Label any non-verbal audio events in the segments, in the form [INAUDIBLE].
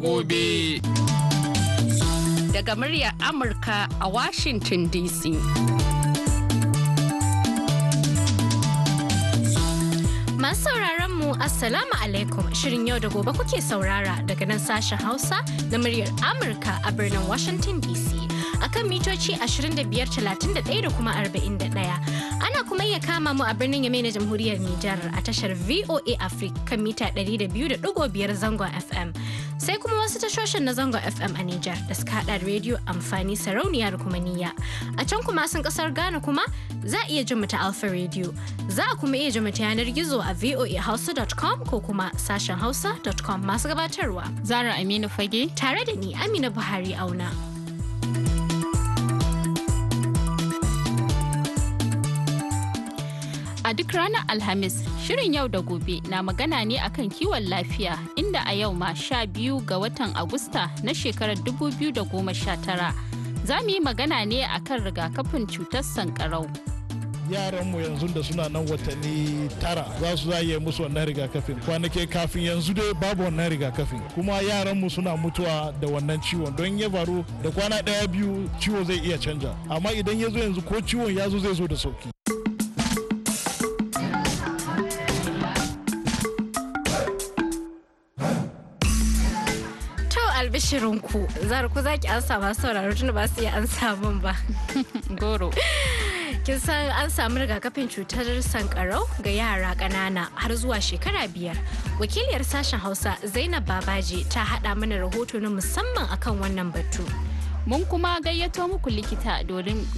gobe. Daga muryar Amurka a Washington DC. Masu sauraron mu Assalamu alaikum shirin yau da gobe kuke saurara daga nan sashen Hausa na muryar Amurka a birnin Washington DC. akan mitoci 25, 31 da kuma 41. Ana kuma iya kama mu a birnin Yamai na Jamhuriyar Nijar a tashar VOA Africa kan mita 200.5 zangon FM. Sai kuma wasu tashoshin na zangon FM a Nijar da suka hada rediyo amfani sarauniya da kuma niyya. A can kuma sun kasar Ghana kuma za a iya jin mu ta Alpha Radio. Za a kuma iya jin mu ta yanar gizo a voahausa.com ko kuma sashen hausa.com masu gabatarwa. Zara Aminu Fage. Tare da ni Amina Buhari Auna. A duk ranar Alhamis, shirin yau da gobe na magana ne akan kiwon lafiya inda a yau ma sha biyu ga watan Agusta na shekarar 2019 za mu yi magana ne akan rigakafin cutar sankarau. yaranmu yanzu da suna nan watanni tara za su zaye musu wannan rigakafin kwanake kafin yanzu dai babu wannan rigakafin kuma yaranmu suna mutuwa da wannan ciwon don ya faru da kwana daya biyu ciwo zai iya canja amma idan ya zo yanzu ko ciwon ya zo zai zo da sauki shirinku zara ku zaki an samu sauraro tunda ba su iya an samun ba [LAUGHS] goro kin san an samu rigakafin cutar sankarau ga yara ƙanana har zuwa shekara biyar wakiliyar sashen hausa zainab babaji ta haɗa mana rahoto na musamman akan wannan batu mun kuma gayyato muku likita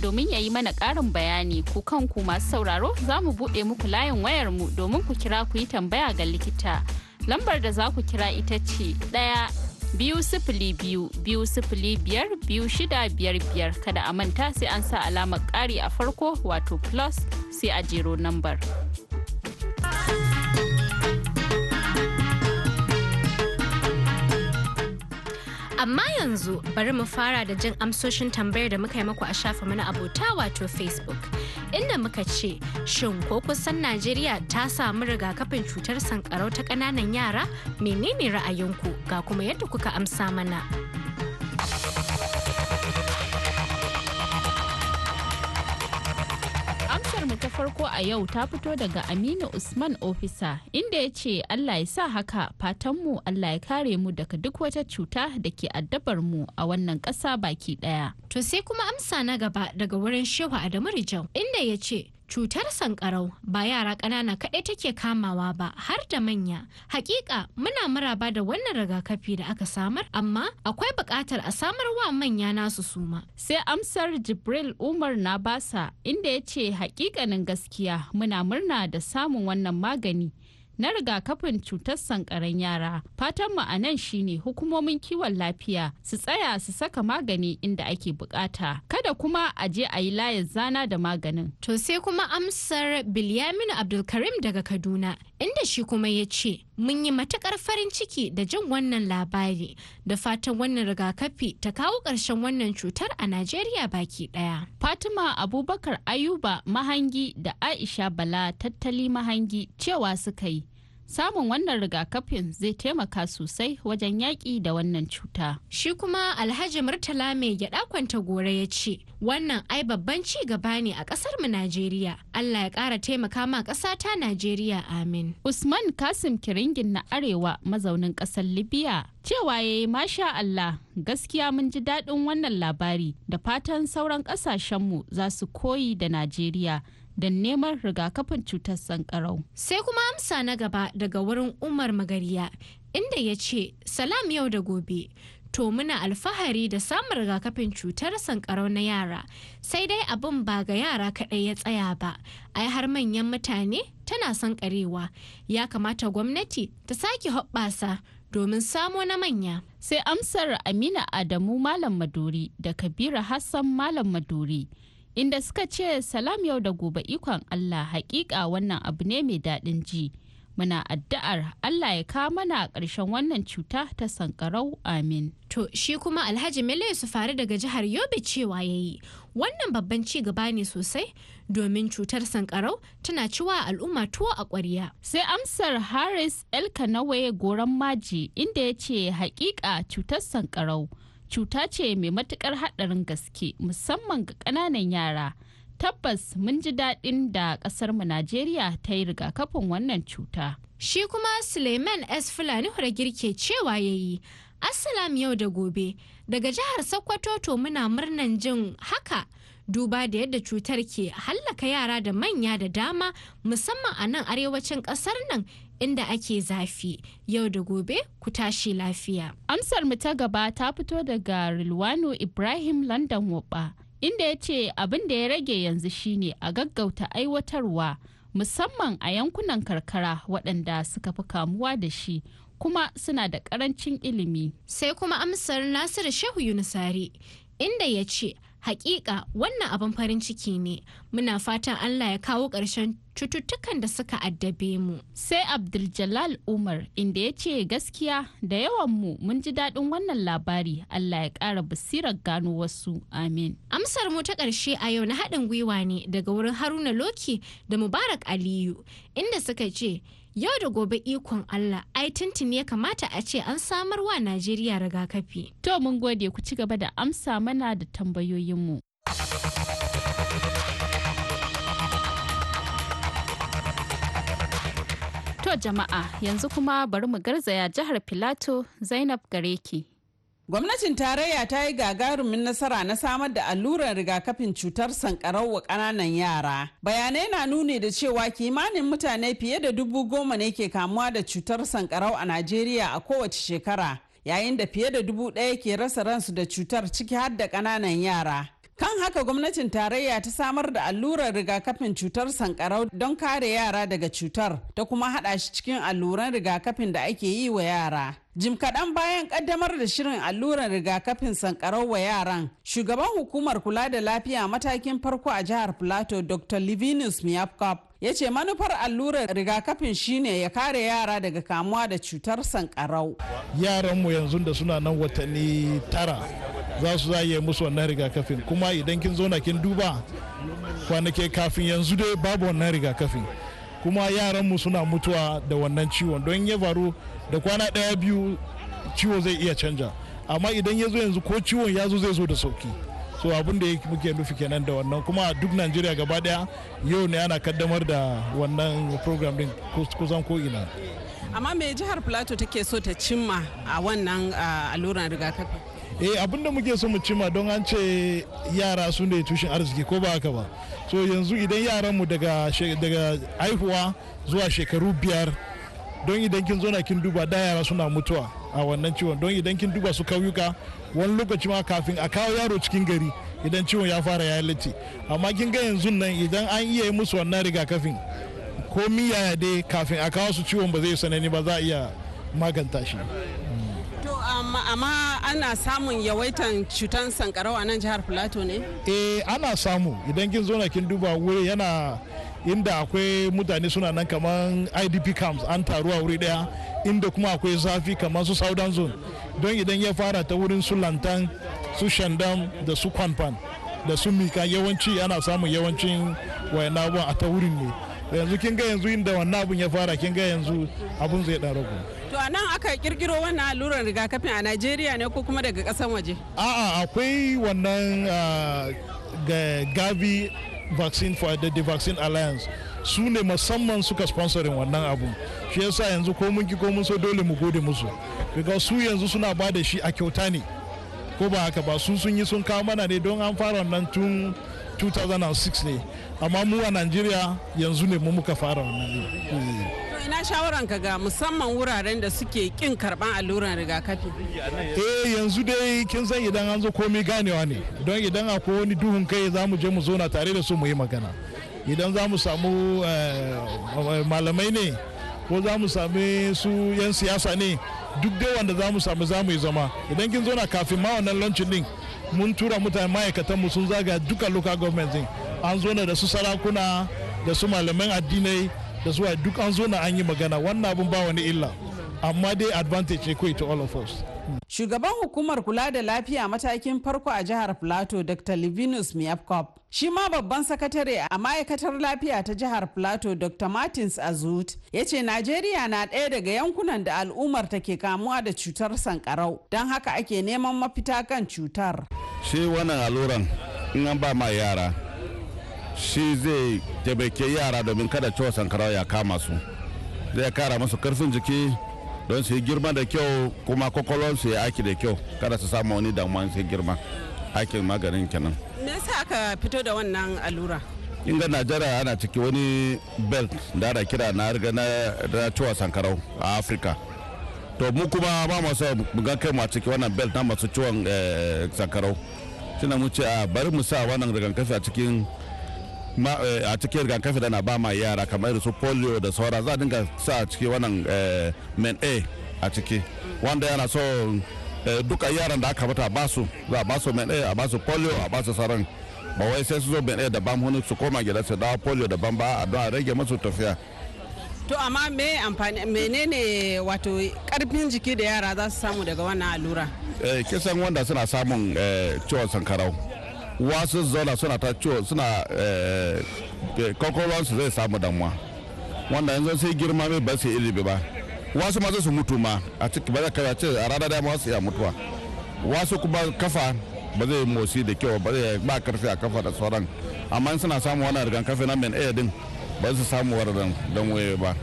domin ya yi mana ƙarin bayani ku kanku masu sauraro za mu buɗe muku layin mu domin ku kira ku yi tambaya ga likita lambar da za ku kira ita ce ɗaya biyu sifili biyu biyu sifili biyar biyu shida biyar biyar kada a manta sai an sa alamar kari a farko wato plus sai a jero nambar. Amma yanzu bari mu fara da jin amsoshin tambayar da muka yi maku a shafa mana abota wato Facebook. Inda muka ce, shin ko kusan Najeriya ta samu rigakafin cutar sankarau ta ƙananan yara? Menene ra'ayinku ga kuma yadda kuka amsa mana? Wasiƙar mu ta farko a yau ta fito daga Aminu Usman Ofisa inda ya ce Allah ya sa haka fatanmu Allah ya kare mu daga duk wata cuta da ke addabar mu a wannan ƙasa baki ɗaya. To sai kuma amsa na gaba daga wurin Shehu Adamu Rijau inda ya ce cutar sankarau ba yara ƙanana kaɗai take kamawa ba har da manya hakika muna maraba da wannan rigakafi da aka samar amma akwai buƙatar a samar wa manya nasu suma sai amsar jibril umar na basa inda ya ce hakikanin gaskiya muna murna da samun wannan magani na rigakafin cutar sankaran yara fatan mu a nan shine hukumomin kiwon lafiya su tsaya su saka magani inda ake bukata kada kuma a je a yi layin zana da maganin to sai kuma amsar bilyamin abdulkarim daga kaduna inda shi kuma ya ce mun yi matukar farin ciki da jin wannan labari da fatan wannan rigakafi ta kawo ƙarshen wannan cutar a najeriya baki ɗaya fatima abubakar ayuba mahangi da aisha bala tattali mahangi cewa suka yi samun wannan rigakafin zai taimaka sosai wajen yaƙi da wannan cuta. Shi kuma Alhaji Murtala mai gyaɗa kwanta gora ya ce, wannan ai babban ci gaba ne a ƙasar mu Najeriya. Allah ya ƙara taimaka ma ƙasa ta Najeriya amin. Usman Kasim Kiringin na Arewa mazaunin ƙasar Libya cewa ya yi masha Allah gaskiya mun ji daɗin wannan labari da fatan sauran ƙasashenmu za su koyi da Najeriya. don neman rigakafin cutar sankarau. Sai kuma amsa na gaba daga wurin Umar Magariya inda ya ce salam yau da gobe to muna alfahari da samun rigakafin cutar sankarau na yara sai dai abin ba ga yara kaɗai ya tsaya ba ai har manyan mutane tana sankarewa ya kamata gwamnati ta sake hoɓɓasa domin samo na manya sai amsar amina adamu malam maduri da kabira hassan malam maduri inda suka ce salam yau da gobe ikon Allah hakika wannan abu ne mai daɗin ji. muna addu'ar Allah ya ka mana ƙarshen wannan cuta ta sankarau amin. To shi kuma Alhaji Mele su faru daga jihar Yobe cewa ya yi wannan babban ci gaba ne sosai domin cutar sankarau tana ciwa al'umma tuwo a ƙwarya. Sai amsar Harris Elkanawe goran maji inda yace ce hakika cutar sankarau cuta ce mai matukar haɗarin gaske musamman ga ƙananan yara tabbas mun ji daɗin da ƙasar mu najeriya ta yi rigakafin wannan cuta shi kuma suleiman s fulani girke cewa ya yi assalam yau da gobe daga jihar sokoto to muna murnan jin haka duba da yadda cutar ke hallaka yara da manya da dama musamman a nan arewacin ƙasar nan inda ake zafi yau da gobe ku tashi lafiya. Amsar mu ta gaba ta fito daga Rilwano Ibrahim London Woba inda ya ce abin da ya rage yanzu shine a gaggauta aiwatarwa musamman a yankunan karkara waɗanda suka fi kamuwa da shi kuma suna da ƙarancin ilimi. Sai kuma amsar Nasiru Shehu Yunusari inda ya ce Hakika wannan abin farin ciki ne, muna fatan Allah ya kawo ƙarshen cututtukan da suka addabe mu. Sai Abdul Umar inda ya ce gaskiya da yawan mu mun ji daɗin wannan labari Allah ya ƙara basirar gano wasu amin. Amsar mu ta ƙarshe a yau na haɗin gwiwa ne daga wurin Haruna Loki da Mubarak Aliyu inda suka ce Yau da gobe ikon Allah, ai Tintin ya kamata a ce an samar wa Najeriya rigakafi. To mun gode ku ci gaba da amsa mana da tambayoyinmu. To jama'a yanzu kuma bari mu garzaya jihar Filato Zainab Gareki Gwamnatin tarayya ta yi gagarumin nasara na samar da alluran rigakafin cutar sankarau wa kananan yara. Bayanai na nuni da cewa kimanin mutane fiye da dubu goma ne ke kamuwa da cutar sankarau a Najeriya a kowace shekara, yayin da fiye da dubu ɗaya ke rasa ransu da cutar ciki har da kananan yara. kan haka gwamnatin tarayya ta samar da allurar rigakafin cutar sankarau don kare yara daga cutar ta kuma haɗa shi cikin alluran rigakafin da ake yi wa yara Jim kaɗan bayan ƙaddamar da shirin allurar rigakafin sankarau wa yaran, shugaban hukumar kula da lafiya matakin farko a jihar Plateau Dr. Livinus Miyapkop ya ce manufar allurar rigakafin shine ya kare yara daga kamuwa da cutar sankarau. Yaranmu yanzu da suna nan watanni tara za su zaye musu wannan rigakafin kuma idan kin zo na kin duba kwanake kafin yanzu dai babu wannan rigakafin. kuma yaran mu suna mutuwa da wannan ciwon don ya faru da kwana ɗaya biyu ciwo zai iya canja amma idan ya zo yanzu ko ciwon ya zo zai zo da sauki so abin da muke nufi kenan da wannan kuma duk najeriya gaba ɗaya yau ne ana kaddamar da wannan program din kusan ko ina amma me jihar plateau take so ta cimma a wannan alluran rigakafi eh abinda muke so mu cima don an ce yara su ne tushen arziki ko ba haka ba so yanzu idan yaran mu daga daga haihuwa zuwa shekaru biyar don idan kin zo kin duba da yara suna mutuwa a wannan ciwon don idan kin duba su kauyuka wani lokaci ma kafin a kawo yaro cikin gari idan ciwon ya fara ya amma kin ga yanzu nan idan an iya yi musu wannan rigakafin ko miya dai kafin a kawo su ciwon ba zai sanani ba za a iya maganta shi amma ana samun yawaitan cutan sankarau a nan jihar Filato ne? Eh ana samu idan kin zo na kin duba wuri yana inda akwai mutane suna nan kamar idp camps an taru a wuri daya inda kuma akwai zafi kamar su southern zone don idan ya fara ta wurin su lantan su shandam da su kwanfan da su mika yawanci ana samun yawancin wayan a ta wurin ne yanzu kin ga yanzu inda wannan abun ya fara kin ga yanzu abun zai dan ragu To a nan aka kirkiro wannan allurar rigakafin a Najeriya ne ko kuma daga kasan waje? A'a akwai wannan ah, Gavi vaccine for the, the vaccine alliance su ne musamman suka sponsorin wannan abu shi yasa yanzu ko mun ki ko mun so dole mu gode musu because su yanzu suna ba da shi a kyauta ne ko ba haka ba su sun yi sun kawo mana ne don an fara wannan tun 2006 ne amma mu a Najeriya yanzu ne mu muka fara wannan ne hmm. ina shawaran ka ga musamman wuraren da suke kin karban alluran rigakafi eh yanzu dai kin san idan an zo komai ganewa ne don idan akwai wani duhun kai za mu je mu zauna tare da su mu yi magana idan za mu samu eh, malamai ne ko za mu sami su 'yan siyasa ne duk dai wanda za mu sami za mu yi zama idan kin zo na kafin ma wannan launcin din mun tura mutane ma'aikatan mu sun zaga duka local government din an zo da su sarakuna da su malaman addinai da zuwa duk an zo na an yi magana wannan abin ba wani illa amma dai advantage ne kawai to all of us. Shugaban hukumar kula da lafiya matakin farko a jihar Plateau Dr. Livinus Miyapkop. Shi ma babban sakatare a ma'aikatar lafiya ta jihar Plateau Dr. Martins Azut ya ce Najeriya na ɗaya daga yankunan da al'ummar ta ke kamuwa da cutar sankarau don haka ake neman mafita kan cutar. Shi wannan alluran in an ba ma yara shi zai jabake yara domin kada ciwo sankarau ya kama su zai kara musu karfin jiki don su yi girma da kyau kuma kwakwalon su yi aiki da kyau kada su samu wani damuwa su yi girma aikin maganin kenan me yasa aka fito da wannan allura in ga najeriya ana ciki wani belt da ana kira na riga na cewa sankarau a afirka to mu kuma ba masu ga kai mu a ciki wannan belt na masu ciwon eh, sankarau tunan mu ce a bari mu sa wannan rigakafi a cikin Eh, a cikin rigakafi da na ba ma yara kamar su polio da saura za a dinga sa a ciki wannan eh, men a a ciki wanda yana so eh, duka yaran da aka bata ba su za a ba su men a a ba su polio a ba su sauran ba wai sai su zo men a daban hannu su koma gida su dawo polio ban ba a don a rage masu tafiya to amma me amfani menene wato karfin jiki da yara za su samu daga wannan allura kisan wanda suna samun ciwon sankarau wasu zauna suna ta ciwo suna eh, eh, su zai samu damuwa wanda yanzu sai girma mai ba su ilimi ba wasu ma su mutu ma a cikin ba ce a rana dama su iya mutuwa wasu kuma kafa ba zai motsi da kyau ba zai ba karfi a kafa da sauran amma suna samu wani rigan kafe na min din ba su samu wani dan waye ba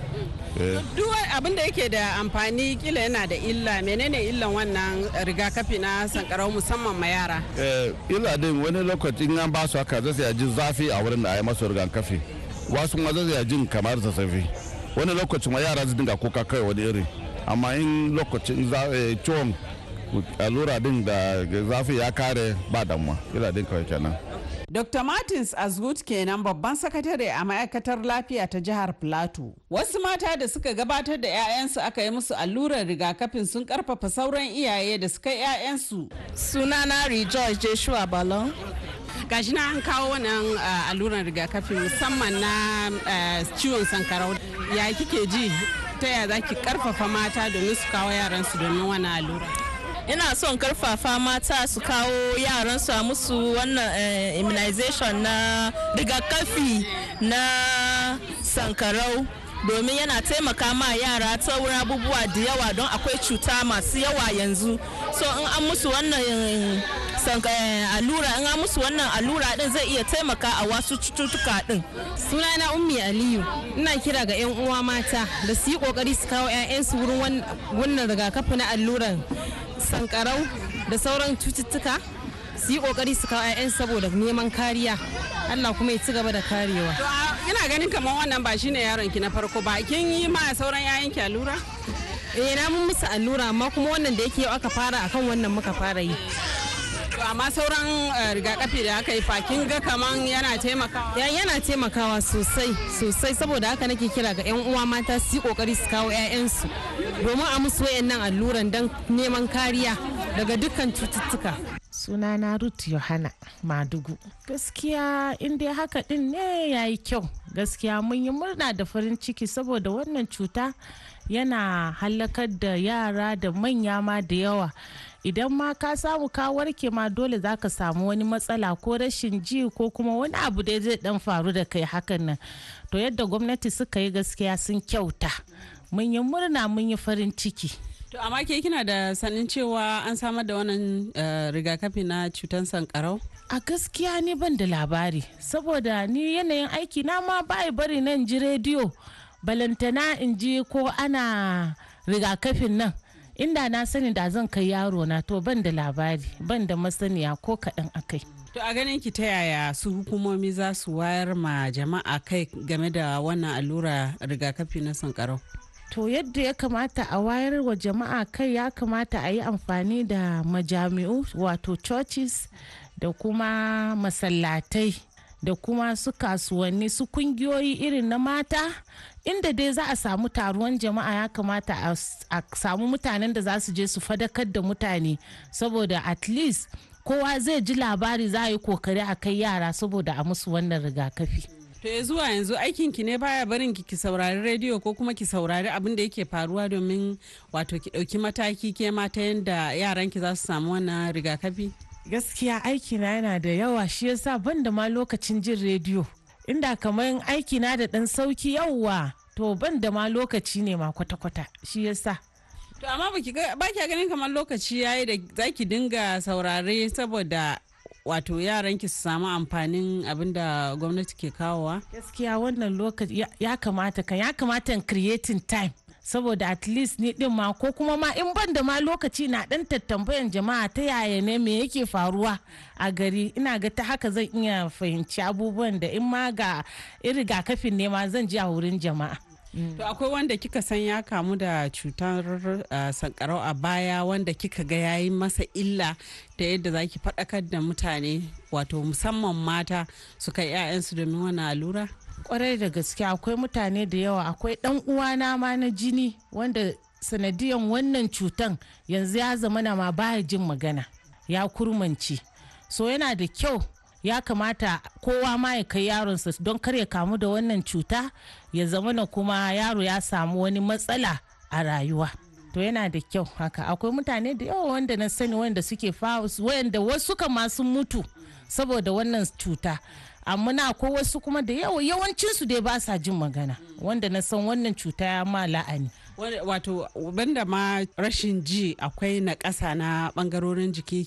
Eh. duk abin da yake da amfani kila yana da illa menene illan wannan rigakafi na sankarau musamman ma yara eh, illa din wani lokacin an ba su haka zai ji zafi a wurin da a yi masu rigakafi wasu ma zai ji jin kamar zazzafi wani lokacin ma yara zai dinga kuka kai wani iri amma in lokacin eh, ciwon allura din da zafi ya kare ba damuwa illa din kawai kenan Dr. Martins Azgut kenan babban sakatare a ma'aikatar lafiya ta jihar Plateau. Wasu mata da suka gabatar da 'ya'yansu aka yi musu allurar rigakafin sun karfafa sauran iyaye da suka 'ya'yansu. Sunana Rejoice Joshua Balon. gashi na an kawo wannan uh, allurar rigakafi musamman na uh, ciwon sankarau ya kike ji ta ya za ki karfafa mata domin su kawo yaransu domin wani allura ina son karfafa mata su kawo yaran su a musu wannan eh, immunization na rigakafi na sankarau domin yana taimaka ma yara ta wurin abubuwa da yawa don akwai cuta masu yawa yanzu so in an musu wannan eh, Eh, allura in musu wannan allura din zai iya taimaka a wasu cututtuka din sunana ummi aliyu ina kira ga yan uwa mata da su yi kokari su kawo 'ya'yansu wurin wannan rigakafi na alluran sankarau da sauran cututtuka su yi kokari su kawo 'ya'yan saboda neman kariya Allah kuma ya ci gaba da karewa ina ganin kamar wannan ba shine yaron ki na farko ba kin yi ma sauran 'ya'yan ki allura eh na mun musu allura amma kuma wannan da yake yau aka fara akan wannan muka fara yi amma sauran eh, rigakafi da aka yi fakin ga kaman yana taimakawa yana taimakawa sosai sosai saboda haka nake kira ga yan uwa mata su yi kokari su kawo 'ya'yansu domin a musu wayannan alluran don neman kariya daga dukkan cututtuka sunana ruth yohana madugu gaskiya in dai haka din ne ya yi kyau gaskiya mun yi murna da farin ciki saboda wannan cuta yana halakar da yara da manya ma da yawa idan ma ka samu ka warke ma dole za ka samu wani matsala ko rashin ji ko kuma wani abu da zai dan faru da kai hakan nan to yadda gwamnati suka yi gaskiya sun kyauta mun yi murna mun yi farin ciki to amma ke kina da sanin cewa an samar da wannan eh, rigakafi na cutar sankarau a gaskiya ni ban da labari saboda ni yanayin aiki na ma bai bari nan ji rediyo balantana in ji ko ana rigakafin nan inda na sani da zan kai yaro na to ban da labari ban da masaniya ko kaɗan akai to a ganin ki ta yaya su hukumomi za su wayar ma jama'a kai game da wannan allura rigakafi na sankarau to yadda ya kamata a wayar wa jama'a kai ya kamata a yi amfani da majami'u wato churches da kuma masallatai da kuma su kasuwanni su kungiyoyi irin na mata inda dai za a samu taruwan jama'a ya kamata a samu mutanen da za su je su fadakar da mutane saboda at least kowa zai ji labari za a yi kokari a kai yara saboda a musu wannan rigakafi to ya zuwa yanzu aikin ki ne baya barin ki saurari rediyo ko kuma ki saurari abin da yake faruwa domin wato ki dauki mataki ke mata ta yadda yaran ki za su samu wannan rigakafi gaskiya aikina yana da yawa shi yasa ban da ma lokacin jin rediyo inda kamar aiki na da ɗan sauki yauwa to ban da ma lokaci ne ma kwata-kwata shi yasa to amma ba ki ganin kamar lokaci yayi da zaki dinga saurare saboda wato yaran ki su samu amfanin abin da gwamnati ke kawowa gaskiya wannan lokaci ya kamata kan ya kamata in creating time saboda at least ni din ma ko kuma ma in ban da ma lokaci na dan tattambayan jama'a ta yaya ne me yake faruwa a gari ina ga ta haka zan iya fahimci abubuwan da in ma ga rigakafin ne ma zan ji a wurin jama'a mm. To akwai wanda kika san ya kamu da cutar eh, sankarau a baya wanda kika ga yayi masa illa ta yadda zaki faɗakar da mutane wato musamman mata su kai 'ya'yansu domin wani allura? kwarai da gaske akwai mutane da yawa akwai dan uwana ma na jini wanda sanadiyan wannan cutan yanzu ya zama na ma baya jin magana ya kurmanci so yana da kyau ya kamata kowa ma ya kai yaronsa don kar ya kamu da wannan cuta ya zama na kuma yaro ya samu wani matsala a rayuwa to yana da kyau haka akwai mutane da yawa wanda na sani wanda suke wanda wasu kama sun mutu saboda wannan cuta amma na ko wasu kuma da yawa yawancinsu dai ba sa jin magana wanda na san wannan cuta ya ma la'ani wato banda ma rashin ji akwai na ƙasa na ɓangarorin jiki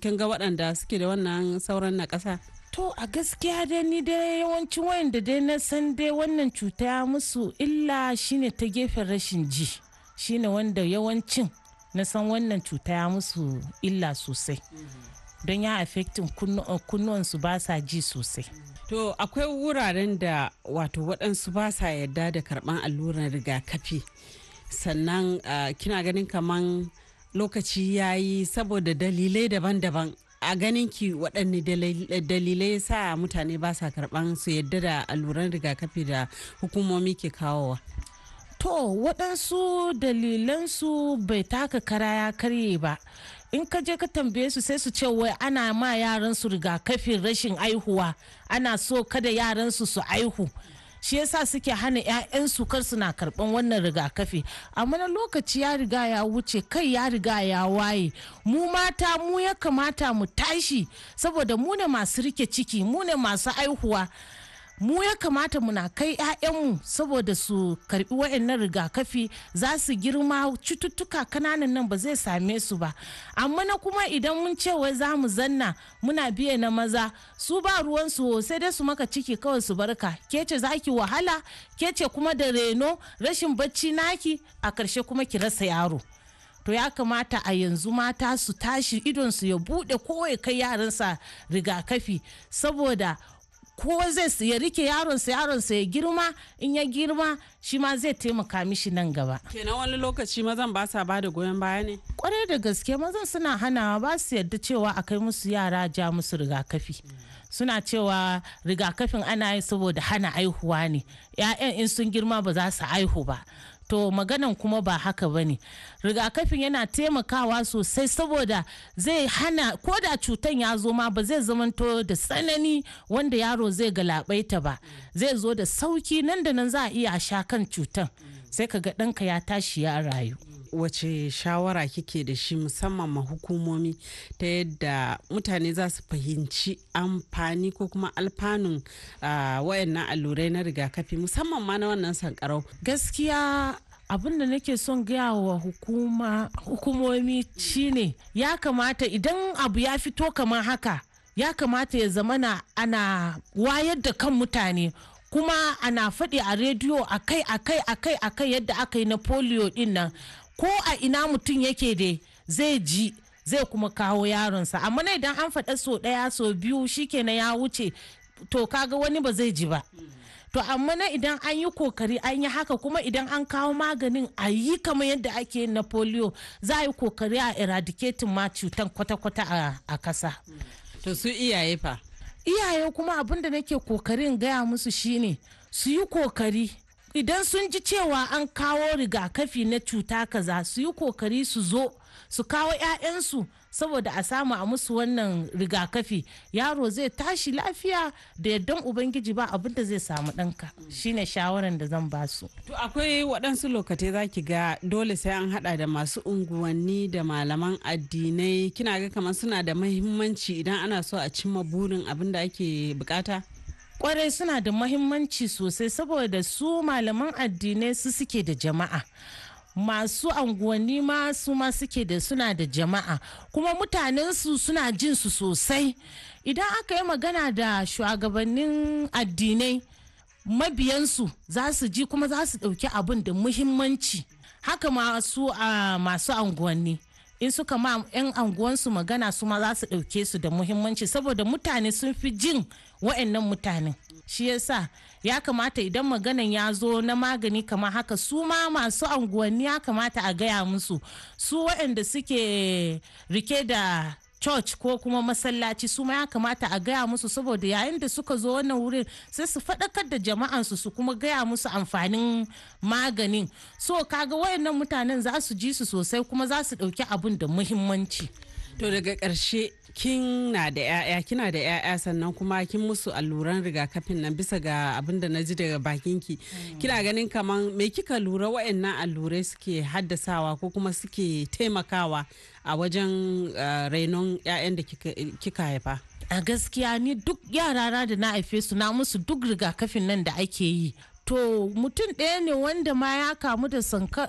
kin ga waɗanda suke da wannan sauran na ƙasa to a gaskiya dai ni dai yawancin wayanda dai na san dai wannan cuta ya musu illa shine ta gefen rashin ji shine wanda yawancin na san wannan cuta ya musu illa sosai mm-hmm. don ya affectin eh, kunnuwansu ba sa ji sosai to akwai wuraren da wato waɗansu ba sa yarda da karɓan alluran rigakafi sannan eh, kina ganin kaman lokaci ya yi saboda dalilai daban-daban a ganin ki waɗanne eh, dalilai sa mutane ba sa karɓan su yarda da alluran rigakafi da hukumomi ke kawowa to waɗansu dalilansu bai taka kara ya karye ba in ka je ka tambaye su sai su ce wai ana ma yaran su rigakafin rashin aihuwa ana so kada yaran su su aihu shi yasa suke hana 'ya'yan su kar suna karban wannan rigakafi amma na lokaci ya riga ya wuce kai ya riga ya waye mu mata mu ya kamata mu tashi saboda mu ne masu rike ciki mu ne masu aihuwa mu ya kamata muna kai 'ya'yanmu saboda su karbi wa'annan rigakafi za su girma cututtuka kananan nan ba zai same su ba amma na kuma idan mun ce wai za mu zanna muna biye na maza su ba ruwan su sai dai su maka ciki kawai su barka kece za ki wahala kece kuma da reno rashin bacci naki a karshe kuma ki rasa yaro to ya kamata a yanzu mata su tashi idon su ya bude kowai kai yaransa rigakafi saboda ko zai ya rike yaronsa yaronsa ya girma in ya girma shi ma zai taimaka mishi nan gaba kenan wani lokaci mazan ba sa bada goyon baya ne kwarai da gaske maza suna hana ba su yarda cewa a kai musu yara ja musu rigakafi suna cewa rigakafin ana yi saboda hana aihuwa ne 'ya'yan in sun girma ba za su aihu ba to maganan kuma ba haka ba ne rigakafin yana taimakawa sosai saboda zai hana ko da cutan ya zo ma ba zai zamanto da tsanani wanda yaro zai galabaita ba zai zo da sauki nan da nan za a iya sha kan cutan sai ka ga ɗanka ya tashi ya rayu wace shawara kike da shi musamman ma hukumomi ta yadda mutane za su fahimci amfani ko kuma alfanun wayannan allurai na rigakafi musamman ma na wannan sankarau gaskiya abin da nake son gaya wa hukuma hukumomi shine ya kamata idan abu ya fito kamar haka ya kamata ya zamana ana wayar da kan mutane kuma ana faɗi a rediyo akai akai akai akai yadda aka yi na polio din nan ko a ina mutum yake da zai ji zai kuma kawo yaronsa amma na idan an faɗa so ɗaya so biyu shikenan ya wuce to kaga wani ba zai ji ba to amma na idan an yi kokari an yi haka kuma idan an kawo maganin a yi kamar yadda ake na polio za a yi kokari a eradicating ma cutan kwata-kwata a kasa to su iyaye fa iyaye kuma abin da nake kokarin gaya musu shine su yi kokari idan sun ji cewa an kawo rigakafi na cuta kaza su yi kokari su zo su kawo 'ya'yansu saboda a samu a musu wannan rigakafi yaro zai tashi lafiya da yardan ubangiji ba abin da zai samu ɗanka shine shawaran da zan ba su to akwai waɗansu lokacin za ki ga dole sai an hada da masu unguwanni da malaman addinai kina ga kamar suna da mahimmanci idan ana so a cimma burin abin da ake bukata kwarai suna da mahimmanci sosai saboda su malaman addinai su suke da jama'a masu anguwanni ma su ma suke da suna da jama'a kuma mutanensu suna jin su sosai idan aka yi magana da shugabannin addinai mabiyansu za su ji kuma za su ɗauki abin da muhimmanci haka masu a masu anguwanni in suka ma 'yan anguwansu magana su ma za su ɗauke su da muhimmanci saboda mutane sun fi jin wa'annan mutanen shi yasa ya kamata idan maganan ya zo na magani kamar haka su ma masu unguwanni ya kamata a gaya musu su wa'anda suke rike da church ko kuma masallaci su ma ya kamata a gaya musu saboda yayin da suka zo wannan wurin sai su faɗakar da jama'ansu su kuma gaya musu amfanin maganin so kaga wayannan mutanen za su ji su sosai kuma za su ɗauki abun da muhimmanci to daga ƙarshe kin na da 'ya'ya kina da 'ya'ya sannan kuma kin musu alluran rigakafin nan bisa ga abin da na ji daga bakinki mm. kina ganin kaman me kika lura wa'annan allurai suke haddasawa ko kuma suke taimakawa a wajen eh, rainon 'ya'yan da kika haifa a gaskiya ni duk yarara da na haife su na musu duk rigakafin nan da ake yi to mutum ɗaya ne wanda ma ya kamu da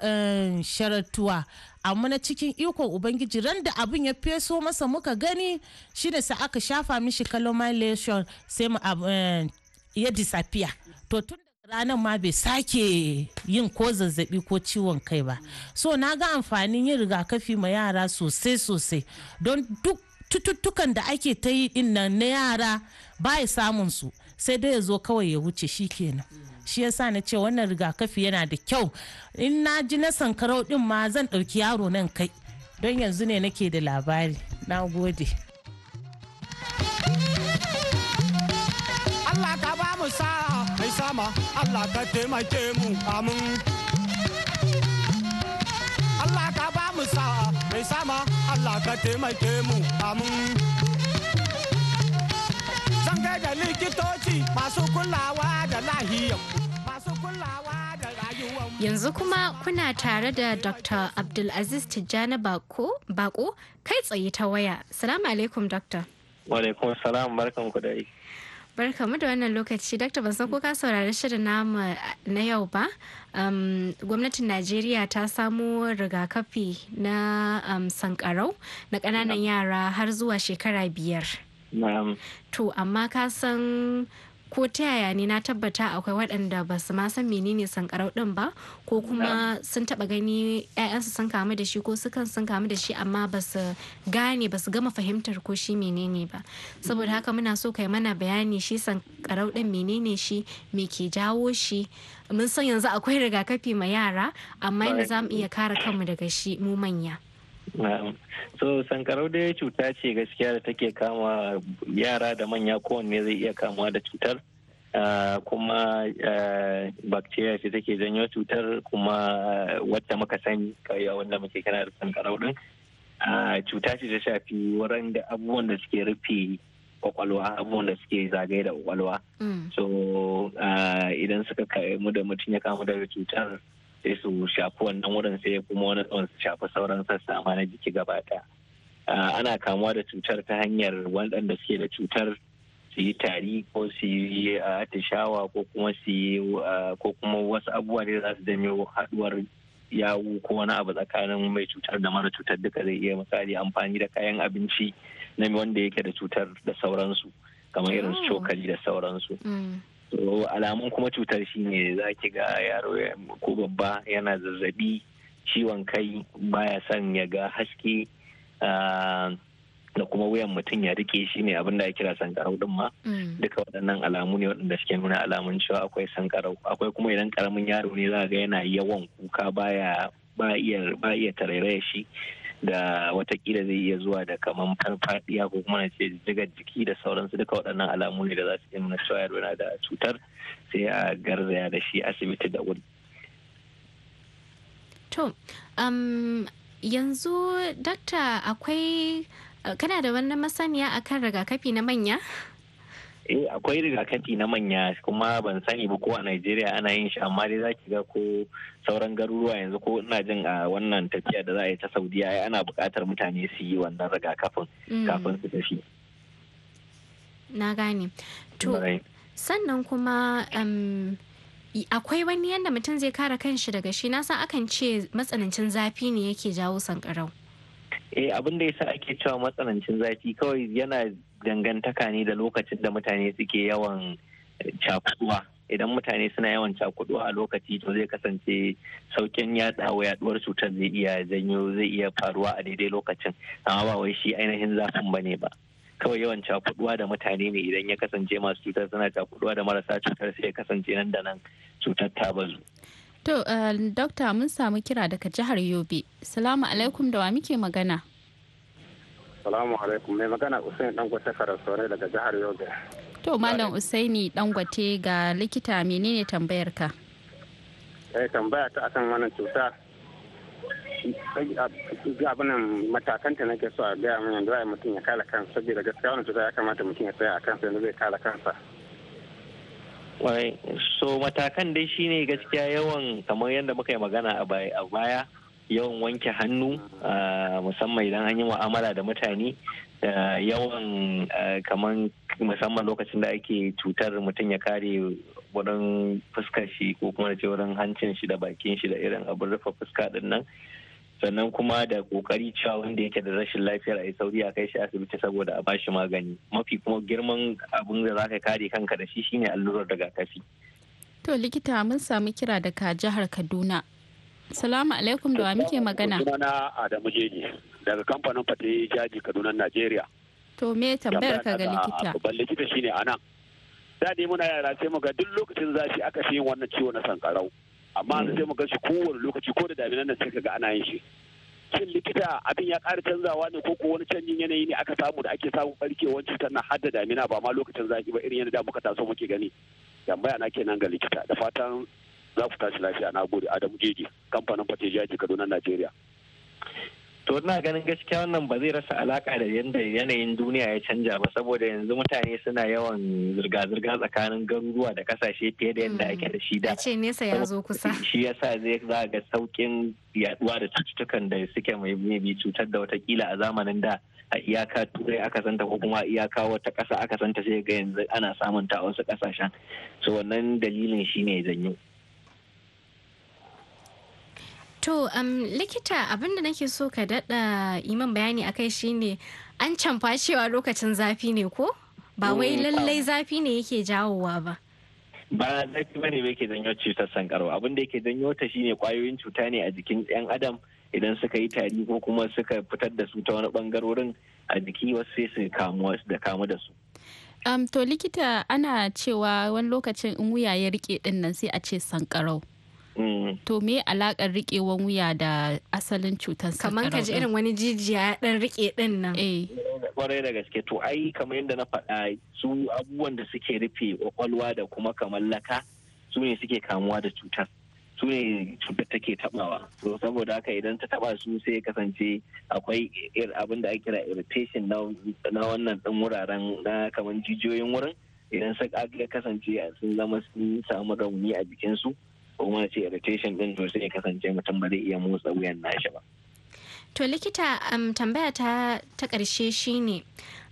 eh, sharattuwa amma na cikin ikon ubangiji ran da abin ya feso masa muka gani shine sa aka shafa mishi calomation sai mu eh, ya disappear to tun ranar ma bai sake yin ko zazzabi ko ciwon kai ba so na ga amfanin yin rigakafi ma yara sosai sosai don duk cututtukan da ake ta yi dinnan na yara ba ya samun su sai dai ya zo kawai ya wuce shi kenan shi yasa na ce wannan rigakafi yana da kyau in na ji na sankarau din ma zan ɗauki yaro nan kai don yanzu ne nake da labari na gode Allah ka ba mu sa'a sama Allah ka taimake mu amin Allah ka ba mu sa'a mai sama Allah ka taimake mu amin. Zan da likitoci masu kulawa da lahiyar masu kulawa da rayuwar Yanzu kuma kuna tare da Dr. Abdulaziz Tijjani Bako kai tsaye ta waya. Salamu alaikum Dr. Wa alaikum salam barkan ku da barkamu da wannan lokaci dr ban san ko ka saurari shirin namu eh, na yau ba gwamnatin najeriya ta samo rigakafi na sankarau na kananan yara har zuwa shekara biyar to amma ka san ko ta yaya ne na tabbata akwai waɗanda ba su ma san menene sankarau din ba ko kuma sun taba gani 'ya'yansu sun kamu da shi ko sukan sun kamu da shi amma ba su gane ba su gama fahimtar ko shi menene ba saboda haka muna so kai mana bayani shi sankarau din menene shi me ke jawo shi mun san yanzu akwai rigakafi ma yara amma yadda za mu iya kare kanmu daga shi mu manya. so sankarau dai cuta ce gaskiya da take kama yara da manya kowanne zai iya kamuwa da cutar ah, kuma ah, bacteria ce take janyo cutar kuma ah, wata muka sani kawai wanda muke kana da sankarau din cuta ce ta shafi wurin da abubuwan da suke rufe kwakwalwa abubuwan da suke zagaye da kwakwalwa mm. so idan suka kamu da mutum ya kamu da cutar sai su shafi wannan wurin sai kuma wani tsawon su shafi sauran sassa ma na jiki gaba ɗaya ana kamuwa da cutar ta hanyar waɗanda suke da cutar su yi tari ko su yi atishawa ko kuma su yi ko kuma wasu abubuwa da za su zame haɗuwar yawu ko wani abu tsakanin mai cutar da mara cutar duka zai iya misali amfani da kayan abinci na wanda yake da cutar da sauransu kamar irin oh. cokali da sauransu mm. so alamun kuma cutar shine za ki ga yaro ko babba yana zazzabi ciwon kai baya son ya ga haske ah, da kuma wuyan mutum ya rike shi ne abinda ya kira sankarau din ma mm. duka waɗannan alamu ne waɗanda suke nuna alamun cewa akwai sankarau akwai kuma idan karamin yaro ne za ga yana yawan kuka baya ba iya tarairaya shi da watakila zai iya zuwa da kamar farfadiya ko kuma na ce jigar jiki da sauransu duka waɗannan alamu ne da za su iya nuna cewa yaro yana da cutar sai a garzaya da shi asibiti da wuri. To, um, yanzu dakta akwai kana da wannan masaniya akan rigakafi na manya? eh akwai rigakafi na manya kuma ban sani ba ko a Najeriya ana yin shi amma dai zaki ga ko sauran garuruwa yanzu ko ina jin a wannan tafiya da za a yi ta Saudiya ai ana buƙatar mutane su yi wannan rigakafin mm. kafin su tafi na gane to sannan kuma akwai wani yadda mutum zai kare kanshi daga shi na san akan ce matsanancin zafi ne yake jawo sankarau eh abin da yasa ake cewa matsanancin zafi kawai yana dangantaka ne da lokacin da mutane suke yawan cakuduwa idan mutane suna yawan cakuduwa a lokaci to zai kasance saukin wa yaduwar cutar zai iya janyo zai iya faruwa a daidai lokacin amma ba wai shi ainihin zafin ba ne ba kawai yawan cakuduwa da mutane ne idan ya kasance masu cutar suna cakuduwa da marasa cutar sai ya kasance nan da nan cutar ta bazu to eh, dokta mun samu kira daga jihar yobe salamu alaikum da wa muke magana Assalamu alaikum mai magana Usaini Dangote Farasore daga jihar Yobe. To Malam Usaini Dangote ga likita menene tambayar ka? Eh tambaya ta akan wannan cuta matakan matakanta nake so a gaya min yanzu ai mutum ya kala kansa saboda gaskiya wannan cuta ya kamata mutum ya tsaya a kansa yanzu zai kala kansa. Wai so matakan dai shine gaskiya yawan kamar yadda muka yi magana a baya yawan wanke hannu musamman idan an yi mu'amala da mutane da yawan kamar musamman lokacin da ake cutar mutum ya kare wurin fuskar shi ko kuma da wurin hancin shi da bakin shi da irin abin rufe fuska din nan sannan kuma da kokari cewa wanda yake da rashin lafiyar a sauri a kai shi asibiti saboda a bashi magani mafi kuma girman abin da zaka kare kanka da shi shine allurar rigakafi to likita mun samu kira daga jihar kaduna Salamu alaikum da wa muke magana. Sunana Adamu Jeji daga kamfanin Fate Jaji Kaduna Najeriya. To me tambayar ka ga likita? Ban likita shine anan. Da ni muna yara sai muga duk lokacin zafi aka fi yin wannan ciwo na sankarau. Amma sai muga shi kowane lokaci ko da daminan nan sai kaga ana yin shi. Shin likita abin ya ƙara canzawa ne ko wani canjin yanayi ne aka samu da ake samun barkewar cutar na hadda damina ba ma lokacin zafi ba irin yadda muka taso muke gani. Tambaya na kenan ga likita da fatan za ku tashi lafiya na gode adamu jeje kamfanin fateja ke kaduna najeriya to ina ganin gaskiya wannan ba zai rasa alaka da yadda yanayin duniya ya canja ba saboda yanzu mutane suna yawan zirga-zirga tsakanin garuruwa da kasashe fiye da yadda ake da shi da ce nesa ya zo kusa shi yasa zai za ga saukin yaduwa da cututtukan da suke mai cutar da watakila a zamanin da a iyaka turai aka santa ko kuma iyaka wata kasa aka santa sai ga yanzu ana samun ta wasu kasashen so wannan dalilin shine janyo To um, likita da nake so ka daɗa iman bayani a akai shine an canfa cewa lokacin zafi ne ko? Ba eh, wai lallai zafi ne yake jawowa ba. Ba zafi ba ne yake janyo cutar sankaro abin da yake janyo ta shine kwayoyin cuta ne a jikin 'yan adam idan suka yi tari ko kuma suka fitar da su ta wani bangarorin a jiki wasu sai su kamu da kamu da su. Um, to likita ana cewa wani lokacin in wuya ya rike din sai a ce sankarau. Mm. To me alakar riƙewan wuya da asalin cutar sankarau? Kamar ka ji irin wani jijiya ɗan riƙe ɗin nan. Kwarai eh. da gaske to ai kamar yadda na faɗa su abubuwan da suke rufe kwakwalwa da kuma kamar laka su ne suke kamuwa da cutar. Su ne cutar take taɓawa. To saboda haka idan ta taɓa su sai kasance akwai irin abin da ake kira irritation na wannan ɗin wuraren na kamar jijiyoyin wurin. Idan suka kasance sun zama sun samu rauni a jikinsu. su ko kuma ce irritation din to sai ya kasance mutum ba zai iya motsa wuyan nashi ba to likita um, tambaya ta ta ƙarshe shine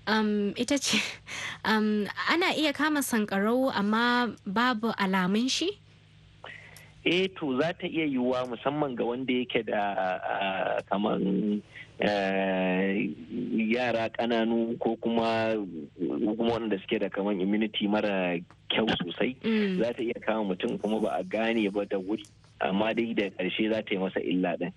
um, ita ce [LAUGHS] um, ana iya kama sankarau amma babu alamun shi e to za ta iya yiwuwa musamman ga wanda yake da kamar yara kananu ko kuma wanda suke da kamar immunity mara kyau sosai mm. za ta iya kama mutum kuma ba a gane ba da wuri amma dai da karshe za ta yi masa illa ɗin.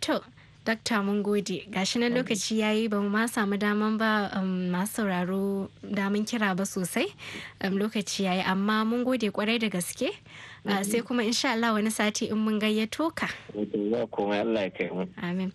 To, dokta mun gode gashi na lokaci ya yi ba mu ma samu daman ba um, masu sauraro daman kira ba sosai um, lokaci ya yi amma mun gode kwarai da gaske uh, sai kuma insha Allah wani sati in mun gayyato ka. Amin.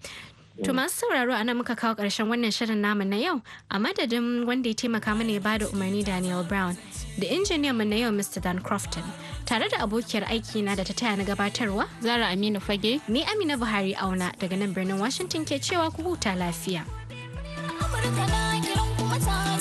To mm. masu sauraro a nan muka kawo ƙarshen wannan shirin namu na yau a madadin wanda ya taimaka mana ya bada umarni Daniel Brown da injiniyan mu na yau Mr. Dan Crofton tare da abokiyar aiki na da ta taya na gabatarwa Zara Aminu Fage ni Amina Buhari Auna daga nan birnin Washington ke cewa ku huta lafiya. Amurka na kuma